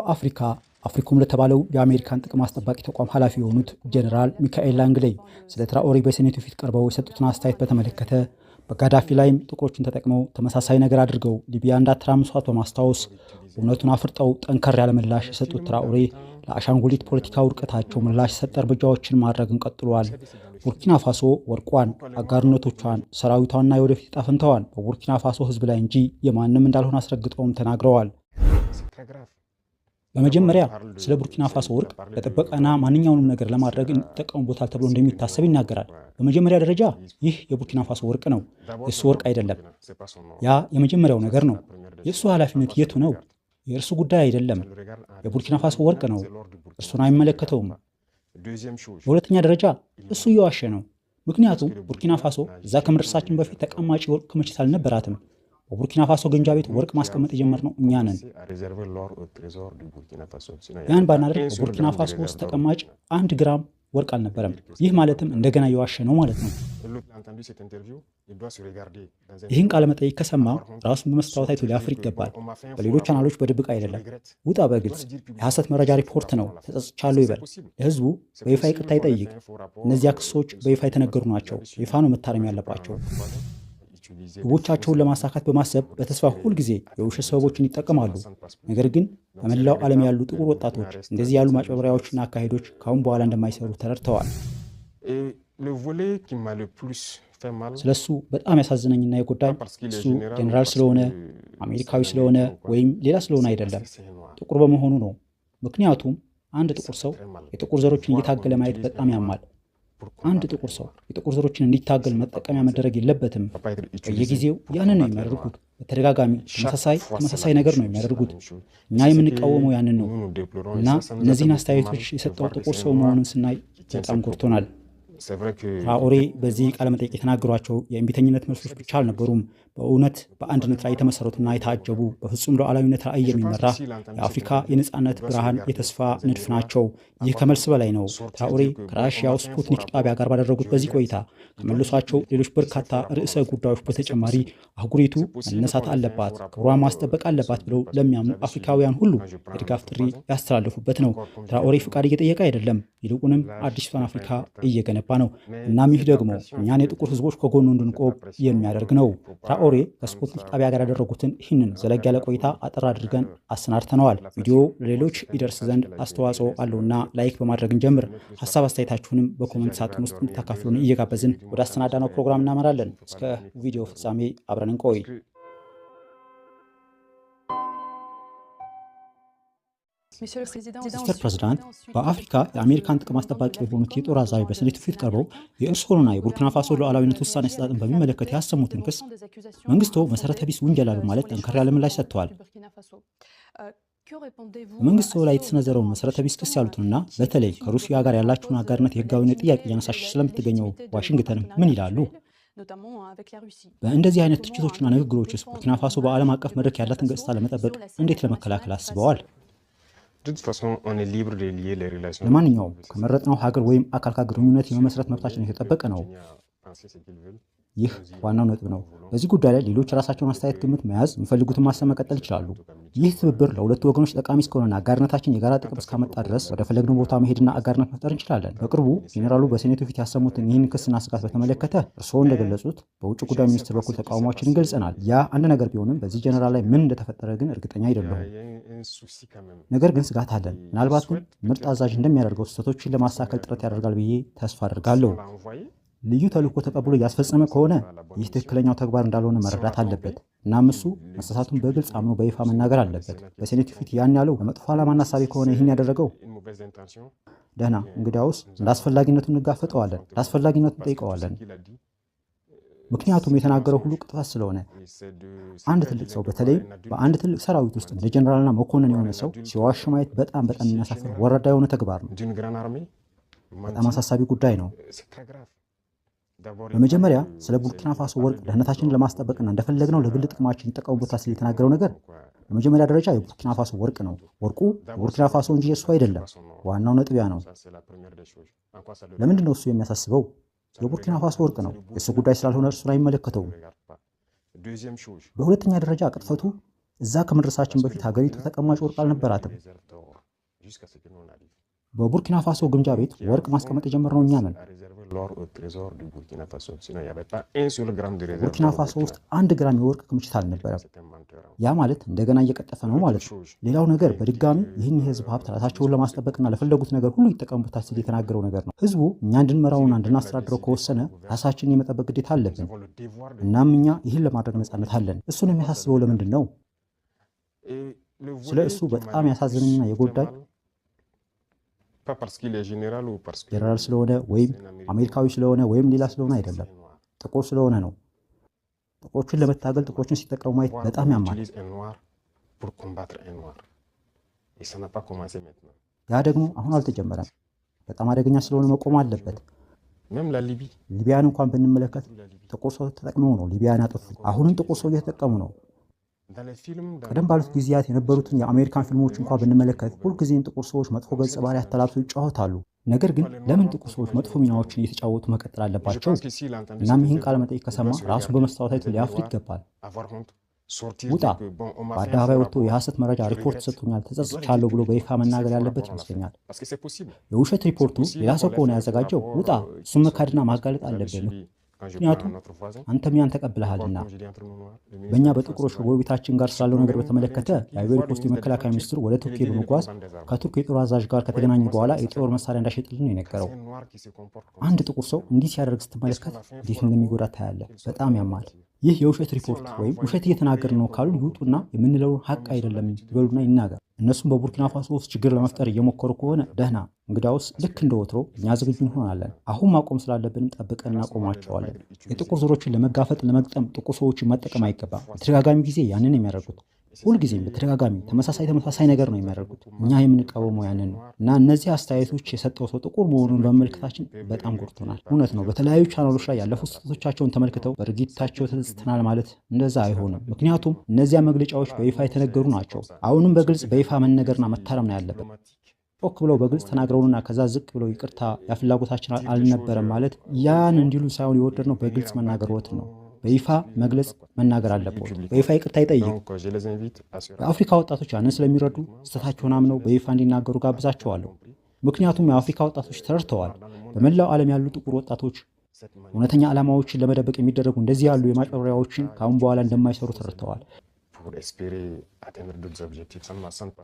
በአፍሪካ አፍሪኮም ለተባለው የአሜሪካን ጥቅም አስጠባቂ ተቋም ኃላፊ የሆኑት ጀኔራል ሚካኤል ላንግሌይ ስለ ትራኦሬ በሴኔቱ ፊት ቀርበው የሰጡትን አስተያየት በተመለከተ በጋዳፊ ላይም ጥቁሮችን ተጠቅመው ተመሳሳይ ነገር አድርገው ሊቢያ እንዳትራምሷት በማስታወስ እውነቱን አፍርጠው ጠንከር ያለ ምላሽ የሰጡት ትራኦሬ ለአሻንጉሊት ፖለቲካ ውድቀታቸው ምላሽ የሰጠ እርምጃዎችን ማድረግን ቀጥሏል። ቡርኪና ፋሶ ወርቋን፣ አጋርነቶቿን፣ ሰራዊቷንና የወደፊት ዕጣ ፈንታዋን በቡርኪና ፋሶ ሕዝብ ላይ እንጂ የማንም እንዳልሆነ አስረግጠውም ተናግረዋል። በመጀመሪያ ስለ ቡርኪና ፋሶ ወርቅ ለጥበቃና ማንኛውንም ነገር ለማድረግ ይጠቀሙበታል ተብሎ እንደሚታሰብ ይናገራል። በመጀመሪያ ደረጃ ይህ የቡርኪና ፋሶ ወርቅ ነው፣ የእሱ ወርቅ አይደለም። ያ የመጀመሪያው ነገር ነው። የእሱ ኃላፊነት የቱ ነው? የእርሱ ጉዳይ አይደለም። የቡርኪና ፋሶ ወርቅ ነው፣ እርሱን አይመለከተውም። በሁለተኛ ደረጃ እሱ እየዋሸ ነው። ምክንያቱም ቡርኪና ፋሶ እዛ ከመድረሳችን በፊት ተቀማጭ ወርቅ ክምችት አልነበራትም። በቡርኪና ፋሶ ግንጃ ቤት ወርቅ ማስቀመጥ የጀመርነው እኛ ነን። ያን ባናደርግ በቡርኪና ፋሶ ውስጥ ተቀማጭ አንድ ግራም ወርቅ አልነበረም። ይህ ማለትም እንደገና የዋሸ ነው ማለት ነው። ይህን ቃለ መጠይቅ ከሰማ ራሱን በመስታወት አይቶ ሊያፍር ይገባል። በሌሎች ቻናሎች በድብቅ አይደለም፣ ውጣ በግልጽ የሐሰት መረጃ ሪፖርት ነው፣ ተጸጽቻለሁ ይበል። ለህዝቡ በይፋ ይቅርታ ይጠይቅ። እነዚያ ክሶች በይፋ የተነገሩ ናቸው። ይፋ ነው መታረም ያለባቸው። ግቦቻቸውን ለማሳካት በማሰብ በተስፋ ሁልጊዜ የውሸት ሰበቦችን ይጠቀማሉ። ነገር ግን በመላው ዓለም ያሉ ጥቁር ወጣቶች እንደዚህ ያሉ ማጭበርበሪያዎችና አካሄዶች ካሁን በኋላ እንደማይሰሩ ተረድተዋል። ስለ እሱ በጣም ያሳዝነኝና የጎዳኝ እሱ ጀኔራል ስለሆነ አሜሪካዊ ስለሆነ ወይም ሌላ ስለሆነ አይደለም፣ ጥቁር በመሆኑ ነው። ምክንያቱም አንድ ጥቁር ሰው የጥቁር ዘሮችን እየታገለ ማየት በጣም ያማል። አንድ ጥቁር ሰው የጥቁር ዘሮችን እንዲታገል መጠቀሚያ መደረግ የለበትም። በየጊዜው ያንን ነው የሚያደርጉት። በተደጋጋሚ ተመሳሳይ ተመሳሳይ ነገር ነው የሚያደርጉት። እኛ የምንቃወመው ያንን ነው እና እነዚህን አስተያየቶች የሰጠው ጥቁር ሰው መሆኑን ስናይ በጣም ጎድቶናል። ትራኦሬ በዚህ ቃለመጠይቅ የተናገሯቸው የእምቢተኝነት መልሶች ብቻ አልነበሩም። በእውነት በአንድነት ላይ የተመሰረቱና የታጀቡ በፍጹም ሉዓላዊነት ላይ የሚመራ የአፍሪካ የነፃነት ብርሃን የተስፋ ንድፍ ናቸው። ይህ ከመልስ በላይ ነው። ትራኦሬ ከራሽያው ስፑትኒክ ጣቢያ ጋር ባደረጉት በዚህ ቆይታ ከመልሷቸው ሌሎች በርካታ ርዕሰ ጉዳዮች በተጨማሪ አህጉሪቱ መነሳት አለባት፣ ክብሯ ማስጠበቅ አለባት ብለው ለሚያምኑ አፍሪካውያን ሁሉ የድጋፍ ጥሪ ያስተላለፉበት ነው። ትራኦሬ ፍቃድ እየጠየቀ አይደለም፣ ይልቁንም አዲስቷን አፍሪካ እየገነባ ነው። እናም ይህ ደግሞ እኛን የጥቁር ህዝቦች ከጎኑ እንድንቆም የሚያደርግ ነው። ትራኦሬ ከስኮትላንድ ጣቢያ ጋር ያደረጉትን ይህንን ዘለግ ያለ ቆይታ አጠር አድርገን አሰናድተነዋል። ቪዲዮ ለሌሎች ይደርስ ዘንድ አስተዋጽኦ አለውና ላይክ በማድረግ እንጀምር። ሀሳብ አስተያየታችሁንም በኮመንት ሳጥን ውስጥ እንድታካፍሉን እየጋበዝን ወደ አሰናዳነው ፕሮግራም እናመራለን። እስከ ቪዲዮ ፍጻሜ አብረን እንቆይ። ሚስተር ፕሬዚዳንት በአፍሪካ የአሜሪካን ጥቅም አስጠባቂ የሆኑት የጦር አዛዥ በሴኔቱ ፊት ቀርበው የእርስዎንና የቡርኪና ፋሶ ሉዓላዊነት ውሳኔ አሰጣጥን በሚመለከት ያሰሙትን ክስ መንግስቶ መሰረተ ቢስ ውንጀላ በማለት ጠንከር ያለ ምላሽ ሰጥተዋል። መንግስቶ ላይ የተሰነዘረውን መሰረተ ቢስ ክስ ያሉትንና በተለይ ከሩሲያ ጋር ያላችሁን አጋርነት የህጋዊነት ጥያቄ እያነሳሽ ስለምትገኘው ዋሽንግተን ምን ይላሉ? በእንደዚህ አይነት ትችቶችና ንግግሮች ውስጥ ቡርኪና ፋሶ በዓለም አቀፍ መድረክ ያላትን ገጽታ ለመጠበቅ እንዴት ለመከላከል አስበዋል? ለማንኛውም ከመረጥነው ሀገር ወይም አካል ጋር ግንኙነት የመመስረት መብታችን የተጠበቀ ነው። ይህ ዋናው ነጥብ ነው። በዚህ ጉዳይ ላይ ሌሎች የራሳቸውን አስተያየት ግምት መያዝ፣ የሚፈልጉትን ማሰብ መቀጠል ይችላሉ። ይህ ትብብር ለሁለቱ ወገኖች ጠቃሚ እስከሆነና አጋርነታችን የጋራ ጥቅም እስካመጣ ድረስ ወደ ፈለግነው ቦታ መሄድና አጋርነት መፍጠር እንችላለን። በቅርቡ ጄኔራሉ በሴኔቱ ፊት ያሰሙትን ይህን ክስና ስጋት በተመለከተ እርስዎ እንደገለጹት በውጭ ጉዳይ ሚኒስትር በኩል ተቃውሟችንን ገልጸናል። ያ አንድ ነገር ቢሆንም በዚህ ጄኔራል ላይ ምን እንደተፈጠረ ግን እርግጠኛ አይደለሁም። ነገር ግን ስጋት አለን። ምናልባት ግን ምርጥ አዛዥ እንደሚያደርገው ስህተቶችን ለማስተካከል ጥረት ያደርጋል ብዬ ተስፋ አድርጋለሁ። ልዩ ተልእኮ ተቀብሎ ያስፈጸመ ከሆነ ይህ ትክክለኛው ተግባር እንዳልሆነ መረዳት አለበት። እናም እሱ መሳሳቱን በግልጽ አምኖ በይፋ መናገር አለበት። በሴኔቱ ፊት ያን ያለው በመጥፎ ዓላማና ሳቢ ከሆነ ይህን ያደረገው ደህና፣ እንግዲያውስ እንደ አስፈላጊነቱ እንጋፈጠዋለን፣ እንደ አስፈላጊነቱ እንጠይቀዋለን። ምክንያቱም የተናገረው ሁሉ ቅጥፋት ስለሆነ አንድ ትልቅ ሰው በተለይም በአንድ ትልቅ ሰራዊት ውስጥ እንደ ጀኔራልና መኮንን የሆነ ሰው ሲዋሽ ማየት በጣም በጣም የሚያሳፍር ወረዳ የሆነ ተግባር ነው። በጣም አሳሳቢ ጉዳይ ነው። በመጀመሪያ ስለ ቡርኪና ፋሶ ወርቅ ደህንነታችንን ለማስጠበቅና እንደፈለግነው ለግል ጥቅማችን ይጠቀሙበታል ሲል የተናገረው ነገር በመጀመሪያ ደረጃ የቡርኪና ፋሶ ወርቅ ነው። ወርቁ የቡርኪና ፋሶ እንጂ የእሱ አይደለም። ዋናው ነጥቢያ ነው። ለምንድን ነው እሱ የሚያሳስበው? የቡርኪና ፋሶ ወርቅ ነው። የእሱ ጉዳይ ስላልሆነ እርሱን አይመለከተውም። በሁለተኛ ደረጃ ቅጥፈቱ እዛ ከመድረሳችን በፊት ሀገሪቱ ተቀማጭ ወርቅ አልነበራትም። በቡርኪና ፋሶ ግምጃ ቤት ወርቅ ማስቀመጥ የጀመርነው እኛ ነን። l'or au trésor du Burkina Faso. ቡርኪና ፋሶ e ውስጥ አንድ ግራም የወርቅ ክምችት አልነበረም። ያ ማለት እንደገና እየቀጠፈ ነው ማለት ነው። ሌላው ነገር በድጋሚ ይህን የህዝብ ሀብት ራሳቸውን ለማስጠበቅና ለፈለጉት ነገር ሁሉ ይጠቀሙበታል ሲል የተናገረው ነገር ነው። ህዝቡ እኛ እንድንመራውና እንድናስተዳድረው ከወሰነ ራሳችንን የመጠበቅ ግዴታ አለብን። እናም እኛ ይህን ለማድረግ ነፃነት አለን። እሱን የሚያሳስበው ለምንድን ነው? ስለ እሱ በጣም ያሳዝንኝና የጎዳኝ ጀነራል ስለሆነ ወይም አሜሪካዊ ስለሆነ ወይም ሌላ ስለሆነ አይደለም፣ ጥቁር ስለሆነ ነው። ጥቁሮችን ለመታገል ጥቁሮችን ሲጠቀሙ ማየት በጣም ያማል። ያ ደግሞ አሁን አልተጀመረም። በጣም አደገኛ ስለሆነ መቆም አለበት። ሊቢያን እንኳን ብንመለከት ጥቁር ሰው ተጠቅመው ነው ሊቢያን ያጠፉት። አሁንም ጥቁር ሰው እየተጠቀሙ ነው። ቀደም ባሉት ጊዜያት የነበሩትን የአሜሪካን ፊልሞች እንኳ ብንመለከት ሁልጊዜም ጥቁር ሰዎች መጥፎ ገጸ ባህሪያት ተላብሰው ይጫወታሉ። ነገር ግን ለምን ጥቁር ሰዎች መጥፎ ሚናዎችን እየተጫወቱ መቀጠል አለባቸው? እናም ይህን ቃለ መጠይቅ ከሰማ ራሱ በመስታወት ሊያፍር ይገባል። ውጣ፣ በአደባባይ ወጥቶ የሐሰት መረጃ ሪፖርት ሰጥቶኛል፣ ተጸጽቻለሁ ብሎ በይፋ መናገር ያለበት ይመስለኛል። የውሸት ሪፖርቱ ሌላ ሰው ከሆነ ያዘጋጀው፣ ውጣ፣ እሱን መካድና ማጋለጥ አለብን። ምክንያቱም አንተም ያን ተቀብለሃልና በእኛ በጥቁሮች ከጎረቤታችን ጋር ስላለው ነገር በተመለከተ የአይቨሪ ኮስት የመከላከያ ሚኒስትሩ ወደ ቱርኪ በመጓዝ ከቱርክ የጦር አዛዥ ጋር ከተገናኙ በኋላ የጦር መሳሪያ እንዳሸጥልን ነው የነገረው። አንድ ጥቁር ሰው እንዲህ ሲያደርግ ስትመለከት እንዴት እንደሚጎዳ ታያለህ። በጣም ያማል። ይህ የውሸት ሪፖርት ወይም ውሸት እየተናገር ነው ካሉ ይውጡና የምንለውን ሀቅ አይደለም ይበሉና ይናገር። እነሱም በቡርኪና ፋሶ ውስጥ ችግር ለመፍጠር እየሞከሩ ከሆነ ደህና፣ እንግዳውስ ልክ እንደ ወትሮ እኛ ዝግጁ እንሆናለን። አሁን ማቆም ስላለብንም ጠብቀን እናቆማቸዋለን። የጥቁር ዞሮችን ለመጋፈጥ ለመግጠም ጥቁር ሰዎችን መጠቀም አይገባም። በተደጋጋሚ ጊዜ ያንን የሚያደርጉት ሁልጊዜም በተደጋጋሚ ተመሳሳይ ተመሳሳይ ነገር ነው የሚያደርጉት። እኛ የምንቃወመው ያንን ነው እና እነዚህ አስተያየቶች የሰጠው ሰው ጥቁር መሆኑን በመመልከታችን በጣም ጎድቶናል። እውነት ነው። በተለያዩ ቻናሎች ላይ ያለፉት ስህተቶቻቸውን ተመልክተው በድርጊታቸው ተጸጽተናል ማለት እንደዛ አይሆንም። ምክንያቱም እነዚያ መግለጫዎች በይፋ የተነገሩ ናቸው። አሁንም በግልጽ በይፋ መነገርና መታረም ነው ያለበት። ጮክ ብለው በግልጽ ተናግረውንና ከዛ ዝቅ ብለው ይቅርታ ያፍላጎታችን አልነበረም ማለት ያን እንዲሉ ሳይሆን የወደድነው በግልጽ መናገር ወት ነው በይፋ መግለጽ መናገር አለበት። በይፋ ይቅርታ ይጠይቅ። በአፍሪካ ወጣቶች ያንን ስለሚረዱ ስህተታቸውን አምነው በይፋ እንዲናገሩ ጋብዛቸዋለሁ። ምክንያቱም የአፍሪካ ወጣቶች ተረድተዋል። በመላው ዓለም ያሉ ጥቁር ወጣቶች እውነተኛ ዓላማዎችን ለመደበቅ የሚደረጉ እንደዚህ ያሉ የማጭበርበሪያዎችን ከአሁን በኋላ እንደማይሰሩ ተረድተዋል።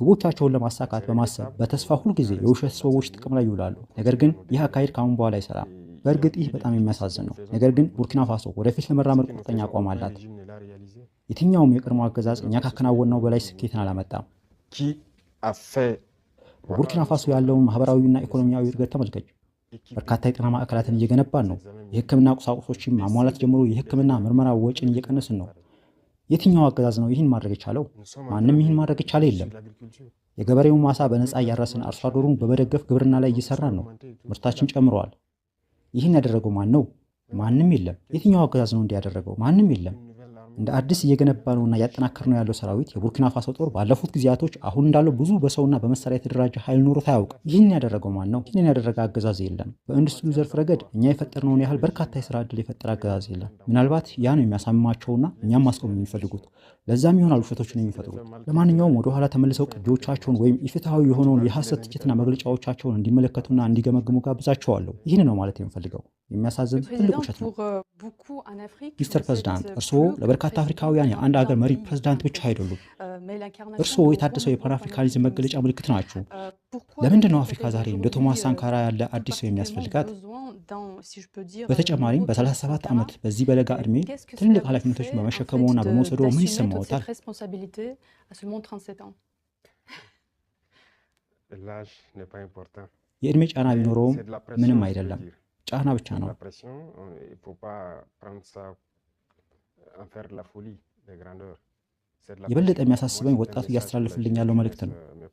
ግቦቻቸውን ለማሳካት በማሰብ በተስፋ ሁልጊዜ የውሸት ሰዎች ጥቅም ላይ ይውላሉ። ነገር ግን ይህ አካሄድ ከአሁን በኋላ አይሰራም። በእርግጥ ይህ በጣም የሚያሳዝን ነው። ነገር ግን ቡርኪና ፋሶ ወደፊት ለመራመድ ቁርጠኛ አቋም አላት። የትኛውም የቀድሞ አገዛዝ እኛ ካከናወንነው በላይ ስኬትን አላመጣም። በቡርኪና ፋሶ ያለውን ማህበራዊና ኢኮኖሚያዊ እድገት ተመልከች። በርካታ የጤና ማዕከላትን እየገነባን ነው። የህክምና ቁሳቁሶችን ማሟላት ጀምሮ የህክምና ምርመራ ወጪን እየቀነስን ነው። የትኛው አገዛዝ ነው ይህን ማድረግ የቻለው? ማንም ይህን ማድረግ የቻለ የለም። የገበሬውን ማሳ በነፃ እያረስን አርሶ አደሩን በመደገፍ ግብርና ላይ እየሰራን ነው። ምርታችን ጨምረዋል። ይህን ያደረገው ማን ነው? ማንም የለም። የትኛው አገዛዝ ነው እንዲያደረገው? ማንም የለም። እንደ አዲስ እየገነባ ነውና እያጠናከር ነው ያለው ሰራዊት የቡርኪና ፋሶ ጦር ባለፉት ጊዜያቶች አሁን እንዳለው ብዙ በሰውና በመሳሪያ የተደራጀ ኃይል ኖሮት አያውቅም። ይህን ያደረገው ማን ነው? ይህንን ያደረገ አገዛዝ የለም። በኢንዱስትሪ ዘርፍ ረገድ እኛ የፈጠርነውን ያህል በርካታ የስራ እድል የፈጠረ አገዛዝ የለም። ምናልባት ያ ነው የሚያሳምማቸውና እኛም ማስቆም የሚፈልጉት። ለዛም ይሆናል ውሸቶችን የሚፈጥሩት። ለማንኛውም ወደኋላ ተመልሰው ቅጂዎቻቸውን ወይም ኢፍትሐዊ የሆነውን የሐሰት ትችትና መግለጫዎቻቸውን እንዲመለከቱና እንዲገመግሙ ጋብዛቸዋለሁ። ይህን ነው ማለት የምፈልገው። የሚያሳዝን ትልቅ ውሸት ነው። ሚስተር ፕሬዚዳንት euh, euh, እርስዎ ለበርካታ አፍሪካውያን የአንድ ሀገር መሪ euh, ፕሬዚዳንት ብቻ አይደሉም። እርስዎ የታደሰው የፓን አፍሪካኒዝም መገለጫ ምልክት ናቸው። ለምንድን ነው አፍሪካ ዛሬ እንደ ቶማስ ሳንካራ ያለ አዲስ ሰው የሚያስፈልጋት? በተጨማሪም በ37 ዓመት በዚህ በለጋ ዕድሜ ትልልቅ ኃላፊነቶችን በመሸከመውና በመውሰዶ ምን ይሰማዎታል? የዕድሜ ጫና ቢኖረውም ምንም አይደለም። ጫና ብቻ ነው። eh, የበለጠ የሚያሳስበኝ ወጣቱ እያስተላለፍልኝ ያለው መልእክት ነው። eh,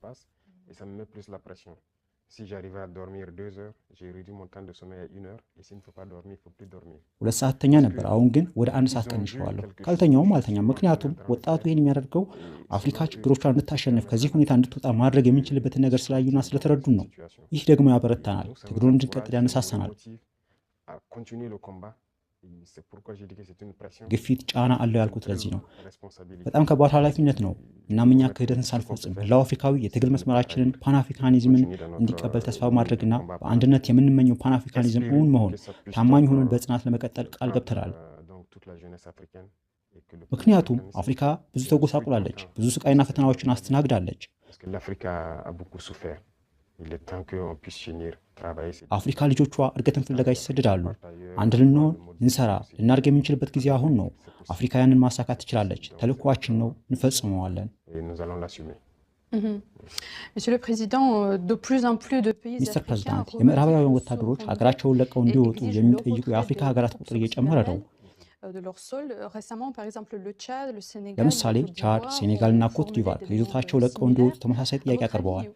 ሁለት ሰዓት ተኛ ነበር። አሁን ግን ወደ አንድ ሰዓት ቀንሼዋለሁ። ካልተኛውም አልተኛም። ምክንያቱም ወጣቱ ይህን የሚያደርገው አፍሪካ ችግሮቿን እንድታሸንፍ ከዚህ ሁኔታ እንድትወጣ ማድረግ የምንችልበትን ነገር ስላዩና ስለተረዱን ነው። ይህ ደግሞ ያበረታናል፣ ትግሉን እንድንቀጥል ያነሳሳናል። ግፊት፣ ጫና አለው ያልኩት ለዚህ ነው። በጣም ከባድ ኃላፊነት ነው። እናም እኛ ክህደትን ሳንፈጽም ህላው አፍሪካዊ የትግል መስመራችንን ፓንአፍሪካኒዝምን እንዲቀበል ተስፋ ማድረግና በአንድነት የምንመኘው ፓንአፍሪካኒዝም እውን መሆን ታማኝ ሆነን euh, በጽናት ለመቀጠል ቃል euh, ገብተናል። ምክንያቱም አፍሪካ ብዙ ተጎሳቁላለች፣ ብዙ ስቃይና ፈተናዎችን አስተናግዳለች። አፍሪካ ልጆቿ እድገትን ፍለጋ ይሰደዳሉ። አንድ ልንሆን፣ ልንሰራ፣ ልናድግ የምንችልበት ጊዜ አሁን ነው። አፍሪካውያንን ማሳካት ትችላለች። ተልኳችን ነው፣ እንፈጽመዋለን። ሚስተር ፕሬዚዳንት፣ የምዕራባውያን ወታደሮች ሀገራቸውን ለቀው እንዲወጡ የሚጠይቁ የአፍሪካ ሀገራት ቁጥር እየጨመረ ነው። ለምሳሌ ቻድ፣ ሴኔጋል እና ኮትዲቫር ከይዞታቸው ለቀው እንዲወጡ ተመሳሳይ ጥያቄ አቅርበዋል።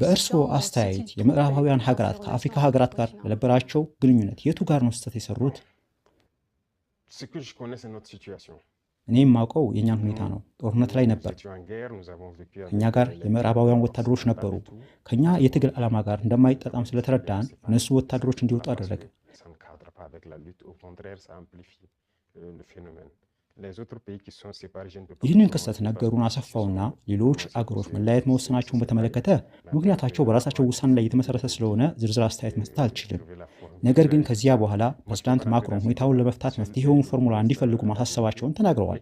በእርስዎ አስተያየት የምዕራባውያን ሀገራት ከአፍሪካ ሀገራት ጋር በነበራቸው ግንኙነት የቱ ጋር ነው ስህተት የሰሩት? እኔ የማውቀው የእኛን ሁኔታ ነው። ጦርነት ላይ ነበር። ከእኛ ጋር የምዕራባውያን ወታደሮች ነበሩ። ከእኛ የትግል ዓላማ ጋር እንደማይጣጣም ስለተረዳን እነሱ ወታደሮች እንዲወጡ አደረግን። ይህንን ክስተት ነገሩን አሰፋውና ሌሎች አገሮች መለያየት መወሰናቸውን በተመለከተ ምክንያታቸው በራሳቸው ውሳኔ ላይ የተመሰረተ ስለሆነ ዝርዝር አስተያየት መስጠት አልችልም። ነገር ግን ከዚያ በኋላ ፕሬዚዳንት ማክሮን ሁኔታውን ለመፍታት መፍትሄውን ፎርሙላ እንዲፈልጉ ማሳሰባቸውን ተናግረዋል።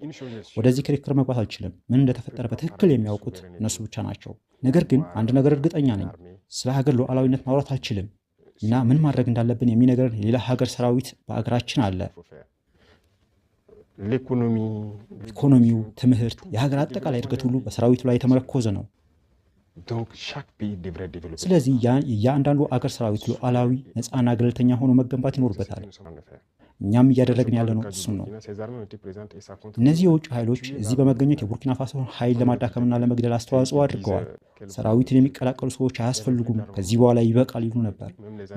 ወደዚህ ክርክር መግባት አልችልም። ምን እንደተፈጠረ በትክክል የሚያውቁት እነሱ ብቻ ናቸው። ነገር ግን አንድ ነገር እርግጠኛ ነኝ፣ ስለ ሀገር ሉዓላዊነት ማውራት አልችልም እና ምን ማድረግ እንዳለብን የሚነገር የሌላ ሀገር ሰራዊት በአገራችን አለ። ኢኮኖሚው፣ ትምህርት፣ የሀገር አጠቃላይ እድገት ሁሉ በሰራዊቱ ላይ የተመረኮዘ ነው። ስለዚህ የእያንዳንዱ አገር ሰራዊት ሉዓላዊ፣ ነፃና ገለልተኛ ሆኖ መገንባት ይኖርበታል። እኛም እያደረግን ያለነው እሱም ነው። እነዚህ የውጭ ኃይሎች እዚህ በመገኘት የቡርኪና ፋሶን ኃይል ለማዳከምና ለመግደል አስተዋጽኦ አድርገዋል። ሰራዊትን የሚቀላቀሉ ሰዎች አያስፈልጉም፣ ከዚህ በኋላ ይበቃል ይሉ ነበር።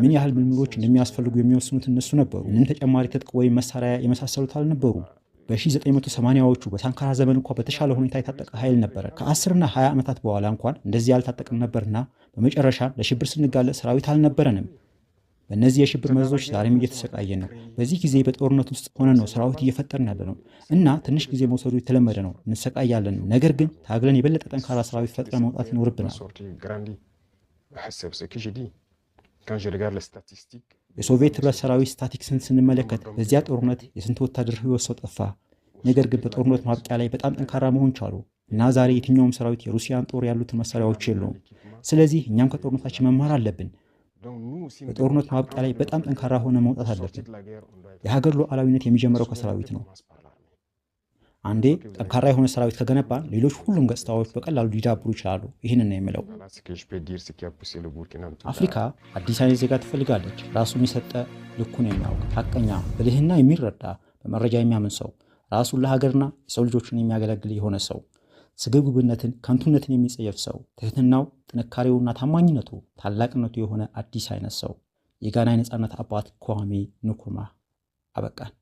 ምን ያህል ምልምሎች እንደሚያስፈልጉ የሚወስኑት እነሱ ነበሩ። ምን ተጨማሪ ትጥቅ ወይም መሳሪያ የመሳሰሉት አልነበሩም። በ1980ዎቹ በሳንካራ ዘመን እንኳ በተሻለ ሁኔታ የታጠቀ ኃይል ነበረ። ከአስርና 20 ዓመታት በኋላ እንኳን እንደዚህ ያልታጠቅም ነበርና በመጨረሻ ለሽብር ስንጋለጥ ሰራዊት አልነበረንም። በእነዚህ የሽብር መዘዞች ዛሬም እየተሰቃየን ነው። በዚህ ጊዜ በጦርነት ውስጥ ሆነን ነው ሰራዊት እየፈጠርን ያለ ነው እና ትንሽ ጊዜ መውሰዱ የተለመደ ነው። እንሰቃያለን። ነገር ግን ታግለን የበለጠ ጠንካራ ሰራዊት ፈጥረን መውጣት ይኖርብናል። የሶቪየት ህብረት ሰራዊት ስታቲክስን ስንመለከት በዚያ ጦርነት የስንት ወታደር ህይወት ሰው ጠፋ። ነገር ግን በጦርነት ማብቂያ ላይ በጣም ጠንካራ መሆን ቻሉ እና ዛሬ የትኛውም ሰራዊት የሩሲያን ጦር ያሉትን መሳሪያዎች የለውም። ስለዚህ እኛም ከጦርነታችን መማር አለብን። በጦርነት ማብቂያ ላይ በጣም ጠንካራ ሆነ መውጣት አለብን። የሀገር ሉዓላዊነት የሚጀምረው ከሰራዊት ነው። አንዴ ጠንካራ የሆነ ሰራዊት ከገነባ ሌሎች ሁሉም ገጽታዎች በቀላሉ ሊዳብሩ ይችላሉ። ይህን ነው የምለው። አፍሪካ አዲስ አይነት ዜጋ ትፈልጋለች። ራሱን የሰጠ ልኩን የሚያውቅ ሀቀኛ፣ ብልህና የሚረዳ በመረጃ የሚያምን ሰው፣ ራሱን ለሀገርና የሰው ልጆችን የሚያገለግል የሆነ ሰው፣ ስግብግብነትን፣ ከንቱነትን የሚጸየፍ ሰው፣ ትህትናው፣ ጥንካሬውና ታማኝነቱ ታላቅነቱ የሆነ አዲስ አይነት ሰው። የጋና የነፃነት አባት ኳሜ nkrumah አበቃን።